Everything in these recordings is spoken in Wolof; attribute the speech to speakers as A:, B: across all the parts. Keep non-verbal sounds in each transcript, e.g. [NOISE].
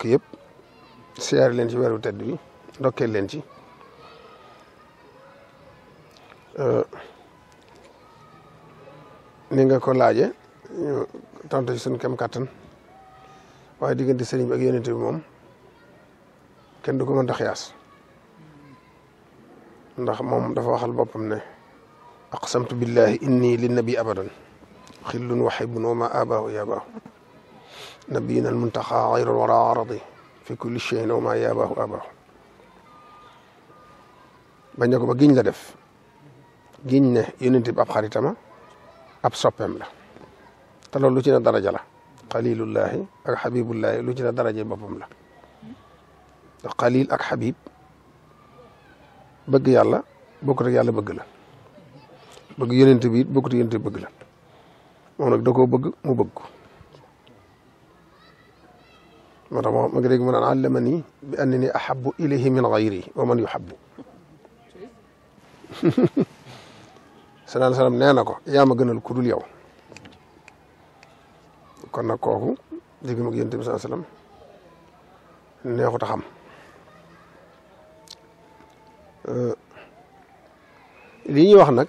A: bokk yëpp siyaar leen ci weeru tedd bi ndokkeel leen ci ni nga ko laaje ñu tontu kem kàttan waaye diggante sëriñ bi ak moom kenn du ko mën ndax moom dafa waxal boppam ne aqsamtu billahi inni linnabi abadan xillun waxibun wa abaahu yabaahu nabiyina almuntaxa xayral wara aradi fi kulli cheyin wa ma yaabahu abahu bañ ne ko ba giñ la def giñ ne yonent bi ab xaritama ab soppeem la te loo lu ci na daraja la xalilullahi ak xabibullahi lu ci na daraje boppam la ndax xalil ak xabib bëgg yàlla bokkut ak yàlla bëgg la bëgg yonent bi it bokkut yonent bi bëgg la moom nag da bëgg mu bëgg moo tax ma dégg mu naan allamani bi annani ahabbu ilayhi min ghayri wa man yuhabbu [LAUGHS] sallallahu alayhi wa sallam nee na ko yaa ma gënal ku dul yow kon nag kooku dégg nga yonent bi sallallahu alayhi wa sallam neexut a xam euh, lii ñuy wax nag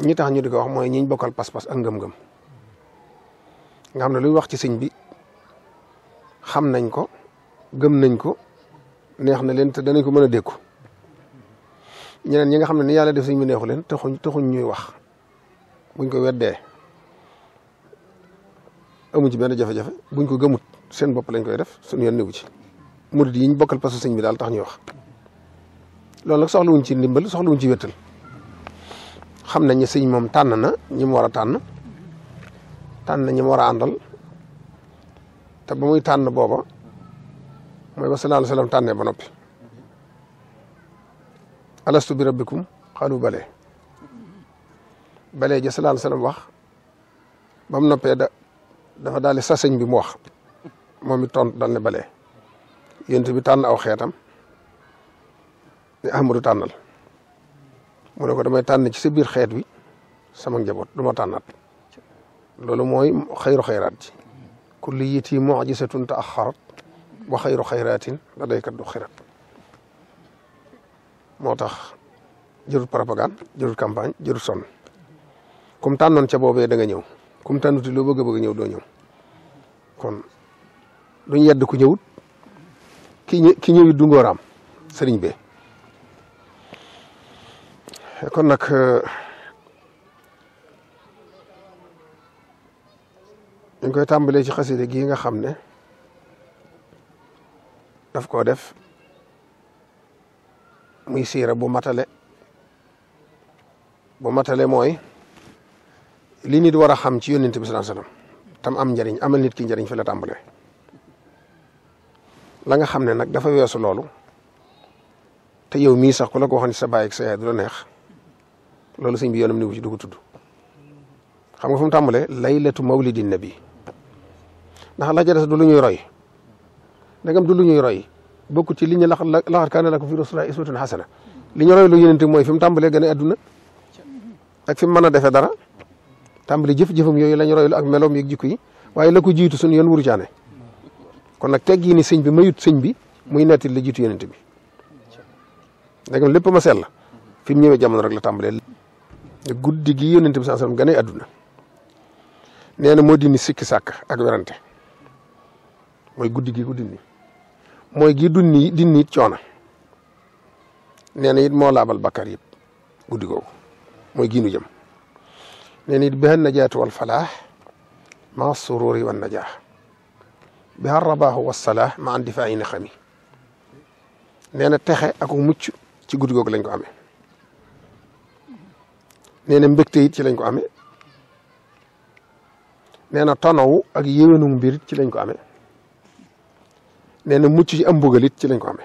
A: ñi tax ñu di ko wax mooy ñiñ bokkal pas-pas ak ngëm nga xam ne luy wax ci sëñ bi xam nañ ko gëm nañ ko neex na leen te danañ ko mën a dékku ñeneen ñi nga xam ne ni yàlla def sëñ bi neexu leen taxuñ taxuñ ñuy wax buñ ko weddee amu ci benn jafe-jafe buñ ko gëmut seen bopp lañ koy def suñu yoon newu ci murid yiñ ñu bokkal pasu sëñ bi daal tax ñuy wax loolu nag wuñ ci ndimbal soxlawuñ ci wéttal xam nañ ne sëñ moom tànn na ñi mu war a tànn tànn ñi war a àndal te ba muy tànn booba mooy ba sallallahu alayhi tànnee ba noppi alastu bi rabbikum xalu bale bale ja sallallahu alayhi wax bam noppee da dafa daal di saseñ bi mu wax moom it tontu daal ne bale yént bi tànn aw xeetam ne ahmadu tànnal mu ne ko damay tànn ci sa biir xeet wi sama njaboot du tànnat loolu mooy xayru xayraat ji kulliyati mujizatun taaxarat wa xayru xayraatin ladayka du xirat moo tax jërul propagande jërul campagne jërul sonn kum tànnoon ca boobee da nga ñëw kum tànnuti loo bëgg a bëgg ñëw doo ñëw kon duñ yedd ku ñëwut ki ñë ki ñëwit du sëriñ bi kon nag euh, dañ koy tàmbalee ci xaside gii nga xam ne daf koo def muy siira bu matale bu matale mooy li nit war a xam ci yónnent bi sallallahu alayhi wasallam tam am njëriñ ama nit ki njariñ fi la tàmbalee la nga xam ne nag dafa weesu loolu te yow mii sax ku la ko waxoon sa baay ak sa yaay du la neex loolu sëñ bi yoonam ni wu ci du tudd xam nga fu mu tàmbalee laylatu mawlidin nabi ndax la ca des du lu ñuy roy ndegam du lu ñuy roy bokk ci li ñu laxat laxat kaana lakum fii rasuulillaahi uswatun hasana li ñu roy lu yonente mooy fi mu tàmbalee gën a adduna ak fi mu mën a defee dara tàmbali jëf-jëfam yooyu la ñu ak meloom yeeg jikko yi waaye la ko jiitu suñu yoon wuru caane kon nag teg yi ni sëñ bi mayut sëñ bi muy netti la jiitu yonente bi ndegam lépp ma sell la fi mu ñëwee jamono rek la tàmbalee guddi gi yonente bi sallallahu alayhi wasallam gën adduna nee na moo di sikki sàkk ak werante mooy guddi gi ko dindi mooy gi dunni dindi it coono nee na moo laabal bakkar yëpp guddi googu mooy gi nu jëm nee na it biha najaatu wal falaax maa sururi wan najaax biha rabaahu wassalaax ma an difaayi na xami nee na texe ak mucc ci guddi googu lañ ko amee nee na mbégte ci lañ ko amee nee na tonaw ak yéwénu mbir ci lañ ko amee nee na mucc ci am mbugal it ci lañ ko amee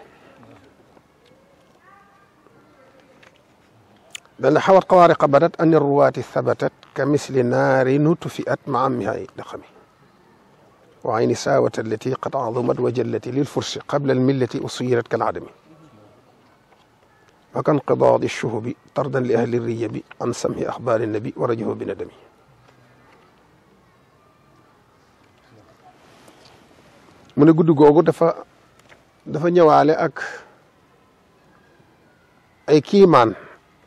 A: dana xawat xawaariqa badat an ruwaati sabatat ka misli naari nutufi at ma amihay daqami wa ayni saawat allati qad azumat wa jallati lil fursi qabla al millati usirat kal adami wa kan qidaadi shuhubi tardan li ahli riyabi an samhi axbaari nabi wa rajahu bi nadami mune guddi googu dafa dafa ñëwaale ak ay kiimaan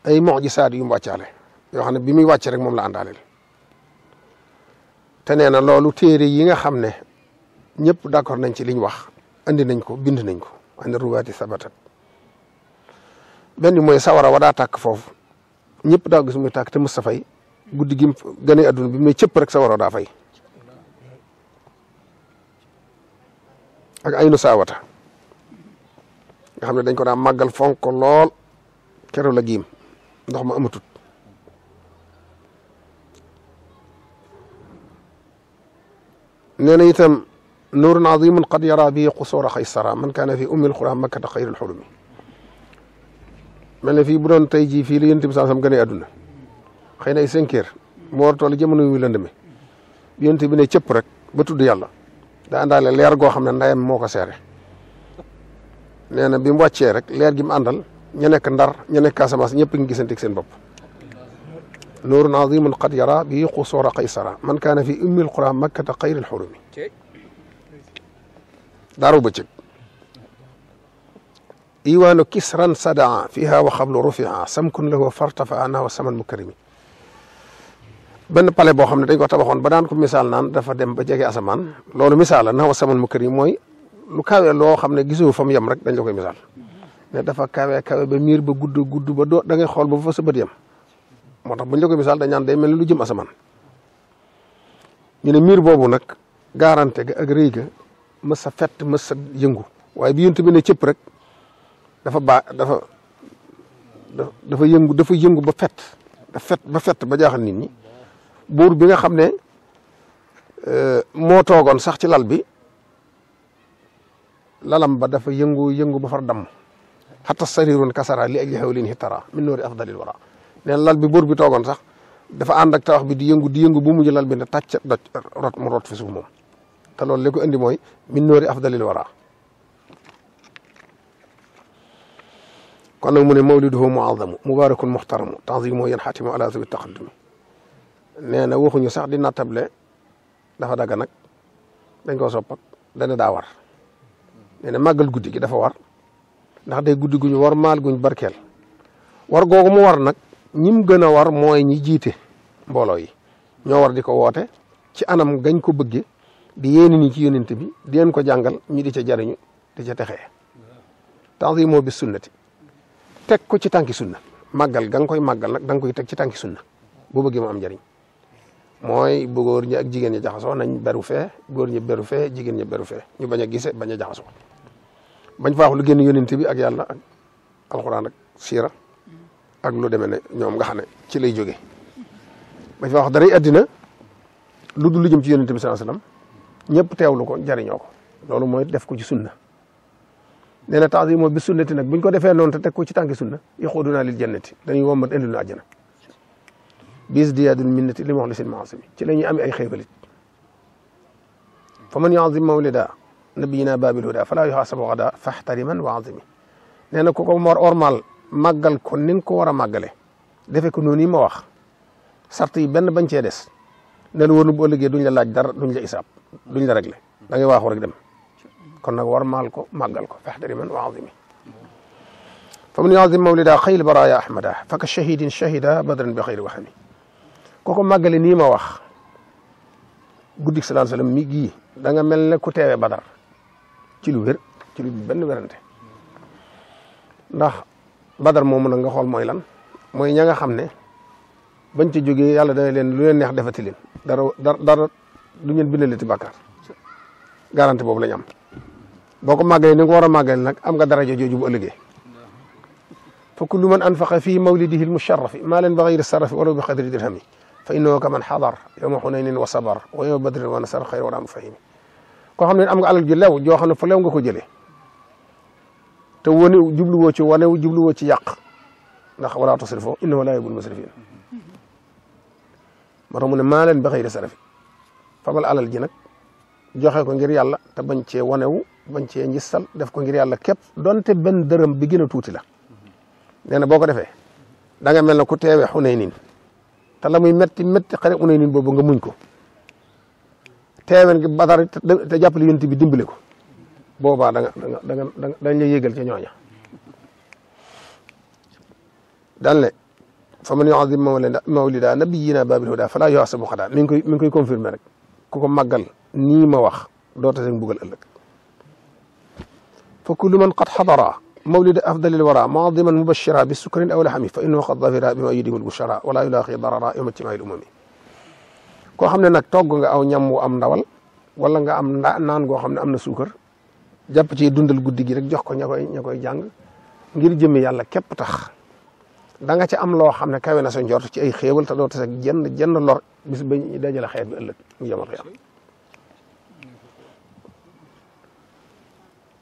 A: ay mojisaat yu mu wàccaale yoo xam ne bi muy wàcc rek moom la àndaaleel te nee na loolu téere yi nga xam ne ñëpp d'accord nañ ci liñ wax andi nañ ko bindi nañ ko andi ruwaati sabatat benn mooy sawara wa daa tàkk foofu ñëpp daa gis muy tàkk te Moustapha yi guddi gi gane adduna bi mais cëpp rek sawara daa fay ak ay nu saawata nga xam ne dañ ko daan màggal fonk lool keroog la giim ndox ma amatut nee na itam nuurun azimun qad yara bii qusuura xaysara man kaana fi ummil xura makkata xayril xulumi mel ne fii bu doon tey jii fii la yonent bi sansam gën a adduna xëy na ay cinq heures moo war toll jamono yu lënd mi bi ne cëpp rek ba tudd yàlla da àndaale leer goo xam ne ndayam moo ko seere nee na bi mu wàccee rek leer gi mu àndal ñu nekk ndar ñu nekk Casamance ñëpp ngi gisanteeg seen bopp nuurun azimun qad yara bi qusuura qaysara man kaana fi ummil qura makkata xayril xurumi daaru bëccëg iwaanu kisran sadaa fiha wa xablu rufia samkun lahu fartafaa nahu saman mukarimi benn palais boo xam ne dañ ko tabaxoon ba daan ko misaal naan dafa dem ba jege asamaan loolu misaal la naa saman mu kër yi mooy lu kawe loo xam ne gisoo fa mu yem rek dañ la koy misaal dafa kawe kawe ba miir ba gudd gudd ba doo xool ba fa sa bët yem moo tax ba ñu la koy misaal dañaan day mel ni lu jëm asamaan ñu ne miir boobu nag gaarante ga ak rëy ga mës sa fett yëngu waaye bi yënt bi ne cëpp rek dafa baa dafa dafa yëngu dafa yëngu ba fet da ba fett ba jaaxal nit ñi buur bi nga xam ne euh, moo toogoon sax ci lal bi lalam ba dafa yëngu yëngu ba far damm xata sarirun kasara li ajli xewlin hitara min noori afdalil wara neen lal bi buur bi toogoon sax dafa ànd ak tawax bi di yëngu di yëngu bu lal bi ne tàcc rot mu rot fi suuf moom te loolu li ko indi mooy min noori afdalil wara kon nag mu ne mawliduhu muazamu mubarakun muxtaramu tanzimu yan xaatimu ala sabi taqaddumi nee na waxuñu sax di le dafa dagg nag dañ koo sopp dana daa war nee na màggal guddi ki dafa war ndax de guddi guñu war maal guñ barkeel war googu war nag ñim gën a war mooy ñi jiite mbooloo yi ñoo war di ko woote ci anam gañ ko bëgge di yéeni ni ci yonent bi di leen ko jàngal ñu di ca jariñu di ca texe texee moo bi sunnati teg ko ci tànki sunna màggal ga koy màggal nag da koy teg ci tànki sunna boo bëggee mu am njariñ mooy bu góor ak jigéen ñi jaxasoo nañ beru fee góor ñi beru fe jigéen ñi beru fee ñu bañ a gise bañ a jaxasoo bañ faaxu lu génn yonent bi ak yàlla ak alxuraan ak siira ak lu deme ne ñoom nga xam ne ci lay jóge bañ faaxu daray addina lu dul lu jëm ci yonent bi saa sallam ñëpp ko jariñoo ko loolu mooy def ko ci sunna nee na taasimoo bi sunnati nag buñ ko defee noon te teg ko ci tànki sunna yaxuudunaa lil jannati dañuy wombat indi lu àjjana bis diyaadul minnati li muxlisin maasimi ci la ñuy amee ay xéewalit fa man yuazim mawlida nabiyina babil huda falaa yuxaasabu gada faxtariman wa azimi nee na ko ko mor mal màggal ko ni ko war a màggale defe ko noonu yi ma wax sart yi benn bañ cee des ne la wóorlu bu ëllëgee duñ la laaj dara duñ la isaab duñ la réglé da ngay waaxu rek dem kon nag war maal ko màggal ko faxtariman wa azimi fa man yuazim mawlida xayl baraya ahmada faka shahidin shahida badran bi xayri waxami ku ko màggale nii ma wax guddik sallallahu alayhi mi gii danga mel ne ku teewe badar ci lu wér ci benn werante ndax badar moomu nag nga xool mooy lan mooy ña nga xam ne bañ ca jógee yàlla day leen lu leen neex defati leen dara dara du ngeen bindale ti bàkkaar garanti boobu la ñu am boo ko màggalee ni ko war a màggalee nag am nga daraja jooju bu ëllëgee fa kullu man anfaqa fii mawlidihi al musharrafi maalan bi ghayri sarafi wala bi qadri dirhami fa innahu ka man xadar yowma xunaynin wa sabar wa yowma badrin wa nasar xayr waraam fahimi koo xam ne am nga alal ju lew joo xam ne fu lew nga ko jëlee te wane jubluwoo ci wane jubluwoo ci yàq ndax wala tusrifu innahu la yuhibbul musrifin moo tax mu ne maa leen ba xëy de sarafi fabal alal ji nag joxe ko ngir yàlla te bañ cee wanewu bañ cee njistal def ko ngir yàlla képp donte benn dërëm bi gën tuuti la nee na boo ko defee da nga mel ne ku teewee xunay niin te la muy métti métti xare unay nin boobu nga muñ ko teeween gi badar te jàppale yonent bi dimbale ko boobaa da nga da nga da nga dañ le yëgal ca ñooña daan ne fa man yuazim mawlida nabiyina babil huda fala yuasabu xadaa mi ngi koy mi ngi koy confirmer rek ku ko màggal nii ma wax doo tase mbugal ëllëg fa kullu man qad xadara mawlid afdalil wara muadiman mubashira bi sukkarin aw laxami fa innahu qad dafira bima yudimul bushara wala yulaqi darara yawma ijtimail umami koo xam ne nag togg nga aw ñam wu am ndawal wala nga am naan goo xam ne am na suukar jàpp ci dundal guddi gi rek jox ko ña koy koy jàng ngir jëmmi yàlla képp tax da nga ci am loo xam ne kawe na sa njort ci ay xéewal ta doo tas ak jenn jenn lor bis ba ñu dajale xeet bi ëllëg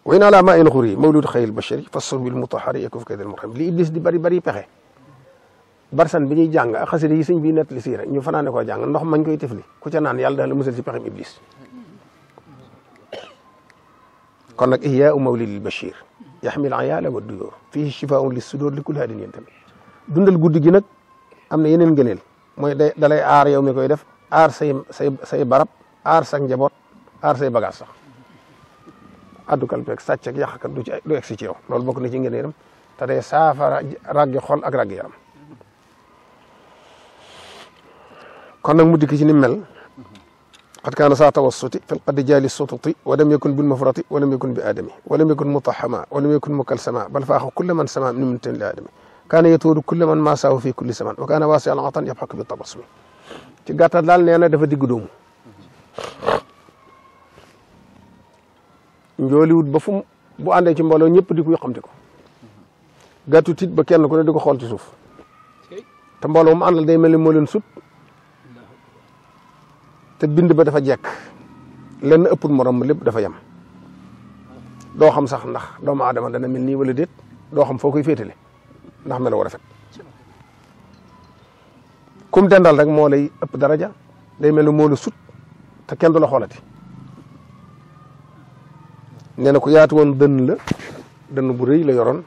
A: wa in ala ma il xuri mawlud xayil bachari fasoh bil mutahari yakuf kaydal murham li iblis di bari bari pexe barsan bi ñuy jàng ak xasida yi sëñ bi nett li siira ñu fanaane koo jàng ndox mañ koy tefli ku ca naan yàlla daal la musal ci pexem iblis kon nag ihyaau mawlidil bachir yaxmil ayaala wa duyóor fii shifaun li sudóor li kulli haadin yéen tamit dundal guddi gi nag am na yeneen ngëneel mooy day dalay aar yow mi koy def aar say say say barab aar sa njaboot aar say bagage addukat beeg sàcc ak yàqkat du ci du egsi ci yow loolu bokk na ci ngëneelam te day saafara raggi xol ak raggi yaram kon nag mu dikk ci ni mel xad kaana saa tawassuti fi lqad jaali sututi walam yakun bil mufrati walam yakun bi aadami walam yakun mutahama walam yakun mukalsama bal faaxa kulla man sama min mintin li aadami kaana yatuudu kulla man maasaahu fi kulli saman wa kaana waasi alatan yabxak bi tabasumi ci gàttal daal nee dafa digg doomu njooliwut ba fu bu àndee ci mbooloo ñëpp di ko yoxamti ko gàttu tiit ba kenn ku ne di ko xool ci suuf te mbooloo mu àndal day mel ni moo leen sut te bind ba dafa jekk lenn ëppul morom lépp dafa yem doo xam sax ndax doomu aadama dana mel ni wala déet doo xam foo koy féetale ndax mel war a fet kum dendal rek moo lay ëpp daraja day mel ni moo la sut te kenn du la xoolati nee ku yaatu woon dënn la dënn bu rëy la yoroon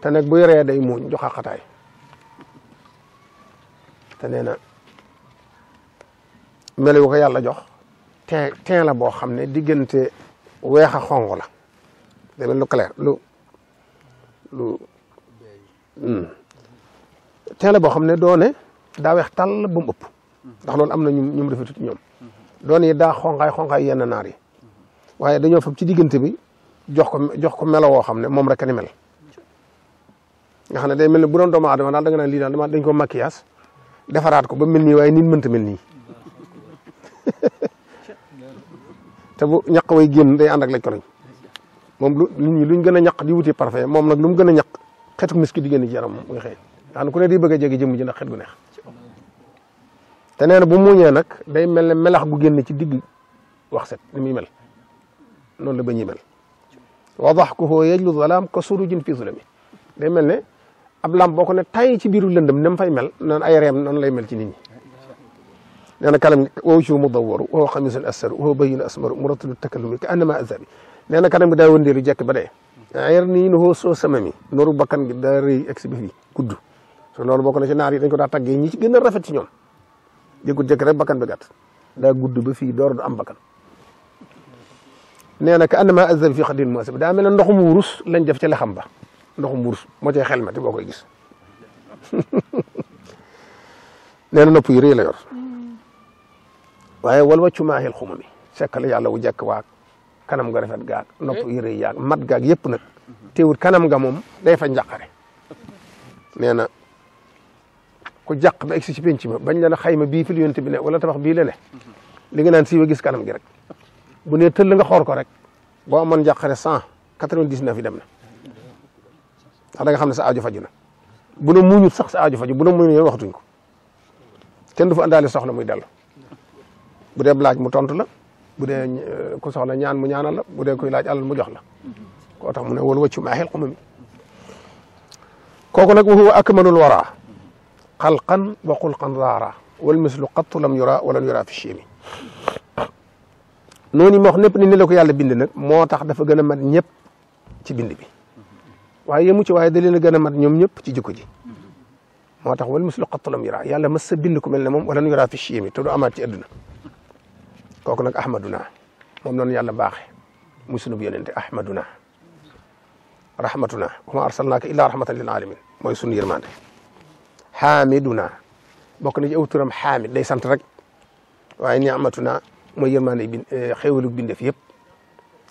A: te nag bu yoree day muuñ jox xaqataay te nee na melu ko yàlla jox ten ten la boo xam ne diggante weex a xonq la demel lu clair lu lu hmm. ten la boo xam ne doone daa weex tàll ba mu ëpp ndax loolu am na ñu ñu mu defetut ñoom mm-hmm. doone yi daa xonqaay xonqaay yenn naar yi waaye dañoo fab ci diggante bi jox ko jox ko melo woo xam ne moom rek ni mel nga xam ne day mel ne bu doon doomu aadama daal da nga naan lii daal dama dañ ko maquillage defaraat ko ba mel nii waaye nit mënta mel nii [LAUGHS] te bu ñaq way génn day ànd ak lañ ko nañ moom lu nit ñi luñ gën a ñaq di wuti parfait moom nag lu mu gën a ñaq xetu miski di génn ci yaram muy xëy daanaka ku ne di bëgg a jege jëmm ji ndax xet gu neex te nee na bu muuñee nag day mel ne melax gu génn ci digg wax set ni muy mel noonu la ba ñi mel wa daxkuhu yajlu zalaam ka surujin fi zulami day mel ne ab lam boo ko ne tay ci biiru lëndëm nam fay mel noonu ay reem noonu lay mel ci nit ñi nee na kanam wa wajhu mudawwaru wa xamisun assaru wa bayyun asmaru muratilu takallumi ka annama azabi nee na kanam gi daa wëndeelu jekk ba dee ayer nii nu hoo soo bakkan gi daa bi fii gudd so loolu bokk na ci naar yi dañ ko daa taggee ñi ci gën a rafet ci ñoom jéggul jekk rek bakkan bi gàtt da gudd ba fii door du am bakkan nee na ka annama azzab fi xadin muasab daa mel la ndoxum wurus lañ def ci lexam ba ndoxum wurus moo cay xel mati boo koy gis [LAUGHS] nee na nopp yi yor waaye wal wàccu maaxil xuma mi sekkal yàlla wu jekk waag kanam ga rafet gaag nopp yi rëy yaag mat gaag yëpp nag teewul kanam ga moom day fa njàqare nee na ku jàq ba egsi ci penc ma bañ la na xayma bii fi lu yonent bi ne wala tabax bii la ne li nga naan siiwa gis kanam gi rek bu nee tëll nga xool ko rek boo man njàqare cent quatre-vingt-dix-neuf dem na ndax da xam ne sa aajo faju na bu na muñut sax sa aajo faju bu na muñut yoon waxatuñ ko kenn du fa àndaale soxla mu dellu bu dee laaj mu tontu la bu dee euh, ku soxla ñaan mu ñaanal la bu dee kuy laaj alal mu jox la koo tax mu ne wala wëccu maaxil xumami kooku nag wa huwa akmalul wara xalqan wa xulqan zaara wal mislu qattu lam yura walam yura fi chimi noonu yi ma wax ni ni ko yàlla bind nag moo tax dafa gën a mat ñëpp ci bind bi waaye yemu ci waaye da leen a gën a mat ñoom ñëpp ci jikko ji moo tax wal mislu xattalam yura yàlla mas sa bind ku mel ne moom wala nu yura fi chii mi te du amaat ci adduna kooku nag ahmaduna moom noonu yàlla baaxe muy sunub yonente ahmaduna rahmatuna wa ma arsalnaaka illa rahmatan lil alamin mooy sunu yërmande xaamiduna bokk na ci awturam da day sant rek waaye niamatuna mooy yërmaande bi eh, xéewalu bindeef yëpp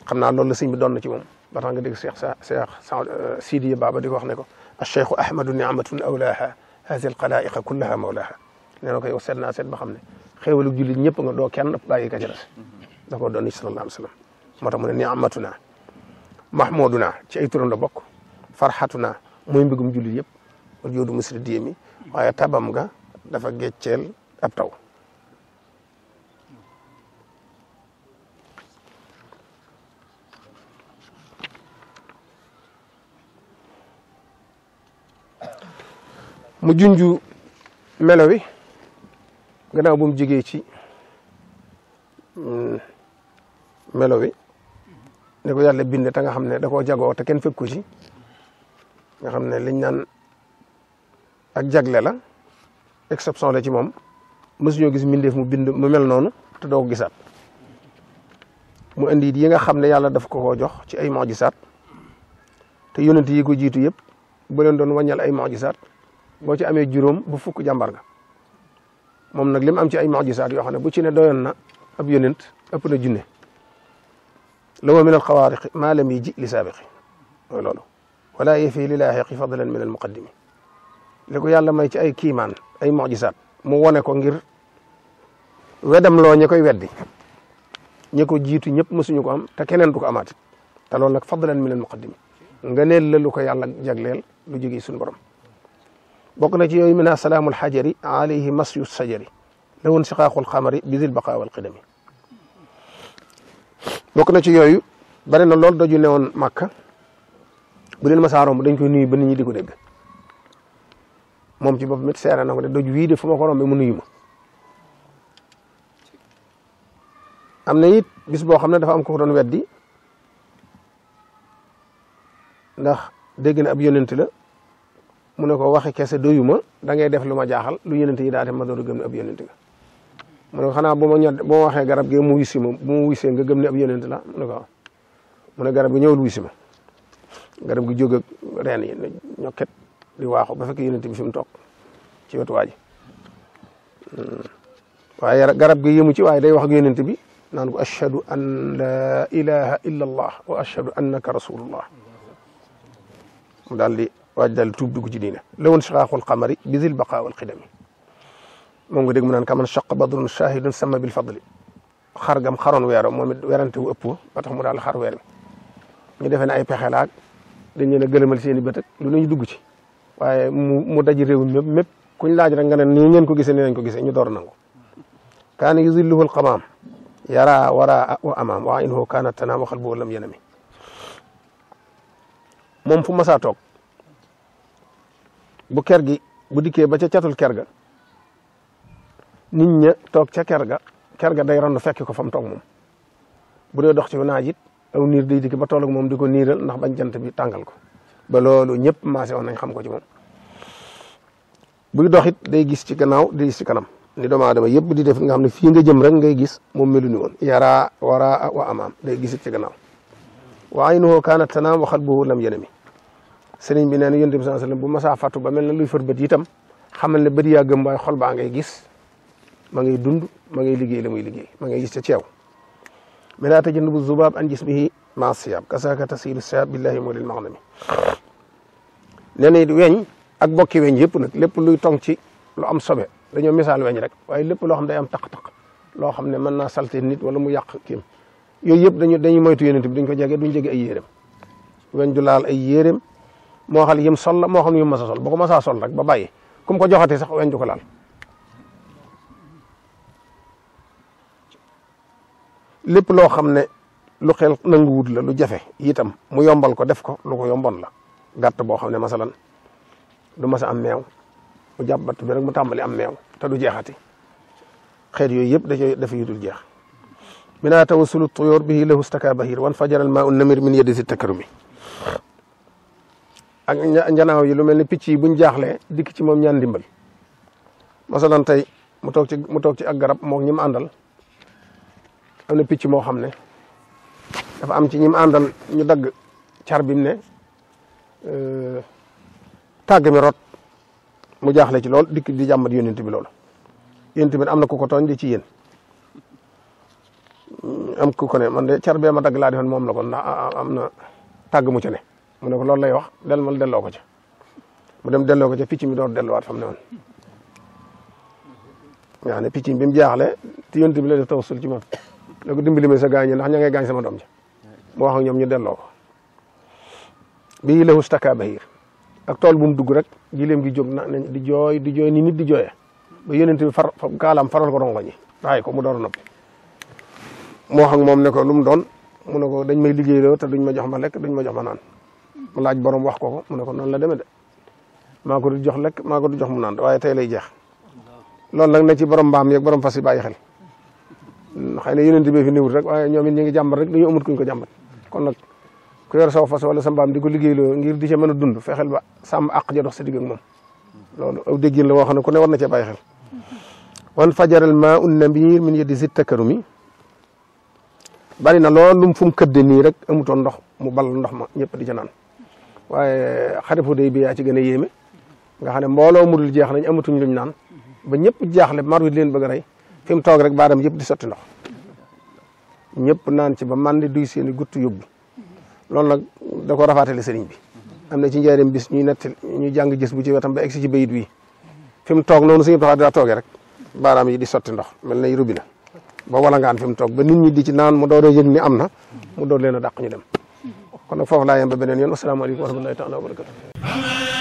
A: xam naa loolu la sëñ bi doon na ci moom ba tax nga dégg Cheikh sa Cheikh eh, Sidiya Baba di ko wax ne ko acheikhu ahmadu niamatun awlaaha haasi alxalaa'iqa kullaha mawlaaha nee na ko yow seet na set ba xam ne xéewalu jullit ñëpp nga doo kenn bàyyi ka ci des da koo doon ni sallallahu alayhi wa sallam moo tax mu ne niamatuna mahmuduna ci ay turam la bokk farxatuna muy mbigum jullit yëpp wal joodu musri diyemi waaye tabam ga dafa gécceel ab taw mu junju melo wi gannaaw bu mu jigee ci mm, melo wi ne ko yàlla bind ta nga xam ne da koo jagoo te kenn fekk ko ci nga xam ne liñ naan ak jagle la exception la ci moom mësuñoo gis mbindeef mu bind mu mel noonu te doo ko gisaat mu indi yi nga xam ne yàlla daf ko koo jox ci ay mojisaat te yonent yi ko jiitu yëpp bu leen doon wàññal ay mojisaat boo ci amee juróom bu fukk jàmbar ga moom nag li mu am ci ay mujisaat yoo xam ne bu ci ne doyoon na ab yonent ëpp na junne la wa min al xawaariqi maa lam yi ji li saabiqi mooy loolu wala yefi li laaxiqi fadlan min al muqaddimi li ko yàlla may ci ay kiimaan ay mujisaat mu wone ko ngir wedem loo ñi koy weddi ñi ko jiitu ñëpp mësuñu ko am te keneen du ko amaat ta loolu nag fadlan min al muqaddimi nga neel la lu ko yàlla jagleel lu jógee suñu borom bokk na ci yooyu mina salaamul xajari alayhi masyu sajari lawoon si xaaxul xamari bisil baqa wal qidami bokk na ci yooyu bare na lool doju newoon màkka bu leen masaa romb dañ koy nuyu ba nit ñi di ko dégg moom ci boppam it seera na ko ne wii de fu ma ko rombe mu nuyu ma am na it bis boo xam ne dafa am ko doon weddi ndax dégg na ab yonent la mu ne ko waxe kese doyu ma da ngay def lu ma jaaxal lu yonent yi daa def ma doon gëm ne ab yonent nga ne ko xanaa bu ma ñod bu waxee garab gi mu wisi ma bu ma wisee nga gëm ne ab yonent la mu ne mu ne garab gi ñëwul wisi ma garab gi jóg ak reen yi ñokket di waaxu ba fekk yonent bi fi mu toog ci wetu waa hmm. waaye garab gi yëmu ci waaye day wax ak yonent bi naan ko ashhadu an la ilaha illa allah wa ashhadu annaka rasulullah waaj daal tuub dugg ci diina lawoon shaqaaxul xamari bisil baqaa wal xidami moom nga dégg mu naan kaman shaq badrun shahidun sama bil fadli xar gam xaroon weero moom it werante wu ëpp ba tax mu daal xar weer mi ñu defee ne ay pexe laag dañ leen a gëlëmal seen bët lu ñu dugg ci waaye mu mu daji réew mi mépp mépp kuñ laaj rek nga ne nii ngeen ko gisee nii lañ ko gisee ñu door nangu kaana yuzilluhu alqamaam yara wara wa amaam wa inhu kaana tanaam waxal boo lam yenami moom fu masaa toog bu ker gi bu dikkee ba ca catul ker ga nit ña toog ca ker ga ker ga day randu fekki ko fa mu toog moom bu dee dox ci naaj it aw niir day dikk ba tool ak moom di ko niiral ndax bañ jant bi tàngal ko ba loolu ñëpp maase woon nañ xam ko ci moom bu dox it day gis ci gannaaw day gis ci kanam ni doomu aadama yëpp di def nga xam ne fii nga jëm rek ngay gis moom melu ni woon yaraa waraa wa amaam day gis it ci gannaaw wa aynuhu kaanat tanaam wa qalbuhu lam yanami sëriñ bi nee na yonent bi sallallahu bu masaa fàttu ba mel na luy fër bët itam xamal ne bët yaa gëm waaye xol baa ngay gis ma ngay dund ma ngay liggéey la muy liggéey ma ngay gis ca ceew mi laa tajannubu zubaab an gis bihi maa siyaab kasaaka tasiru siyaab billahi moo lil maxnami nee na weñ ak bokki weñ yëpp nag lépp luy tong ci lu am sobe dañoo misaal weñ rek waaye lépp loo xam day am taq-taq loo xam ne mën naa salté nit wala mu yàq kiim yooyu yëpp dañu dañuy moytu yonent bi duñ ko jege duñ jege ay yéeréem weñ du moo xam yim sol la moo xam yim masa sol bu ko masaa sol rek ba bàyyi kum ko joxatee sax weñ du ko laal loo xam ne lu xel nanguwut la lu jafe itam mu yombal ko def ko lu ko yomboon la gàtt boo xam ne masalan du mas a am meew mu jàppat bi rek mu tàmbali am meew te du jeexati xeet yooyu yëpp dañoo dafa yudul jeex mina tawasulu tuyóor bihi lahu staka bahir wan fajaral maa un namir min yedisi takkarumi a njanaaw yi lu mel ni picc yi buñ jaaxlee dikk ci moom ñaan ndimbal masalan tey mu toog ci mu toog ci ak garab moo ñi mu am na picc moo xam ne dafa am ci ñi mu àndal ñu dagg car bi ne euh, tàgg mi rot mu jaaxle ci lool dikk di jàmbat yónent bi loolu yéen tamit am na ku ko tooñ di ci yéen mm, am ku ne man de car bee ma dagg laa defoon moom la kon ndax am na tàgg mu ci ne mu ne ko loolu lay wax del ma delloo ko ca mu dem delloo ko ca picc mi door delluwaat waat mu ne woon nga xam ne picc mi bi mu jaaxle ci yonent bi la ta tawassul ci moom la ko dimbali ma sa gaañ ndax ña ngay gaañ sama doom ja mu wax ñoom ñu delloo ko bii lahu staka ak tool bu mu dugg rek jiléem gi jóg na di di jooy ni nit di jooyee ba yonent bi far kaalaam ñi raay ko mu door a noppi mu moom ne ko lu mu doon mu ne ko dañ may liggéeyloo te duñ ma jox ma lekk duñ ma jox ma naan mu laaj borom wax ko ko mu ne ko noonu la demee de maa ko di jox lekk maa ko du jox mu naan waaye tey lay jeex loolu nag na ci borom mbaam yeeg borom fas yi bàyyi xel xëy na yeneen bi fi néewul rek waaye ñoom it ñu ngi jàmbat rek dañu amut kuñ ko jàmbat kon nag ku fas wala sa mbaam di ko liggéeyloo ngir di ca mën a dund fexeel ba sàmm àq ja dox sa digg ak woo xam ne ku ne war na cee bàyyi xel wan fajaral maa un nabiir min yeddi sit takarumi bari na loolu lum fu mu këdde nii rek amutoon ndox mu ball ndox ma ñëpp di ca naan waaye xare Hudaybiya ci gën a yéeme nga xam ne mbooloo mu dul jeex nañ amatuñ luñ naan ba ñëpp jaaxle mar wi leen bëgg a rey mu toog baaraam yëpp di sotti ndox ñëpp naan ci ba man di duy seen i gutt loolu nag da ko rafaatale sëriñ bi am na ci njaareem bis ñuy nett ñu jàng gis bu ci wetam ba egsi ci bayit wi fi mu toog noonu suñu taxaw daa toogee rek baaraam yi di sotti ndox mel na rubi na ba walangaan fi mu toog ba nit ñi di ci naan mu dooree yëg ni am na mu door leen a ñu dem kon nag foofu laa yem ba beneen yoon wasalaamaaleykum wa rahmatullahi taala wa barakatu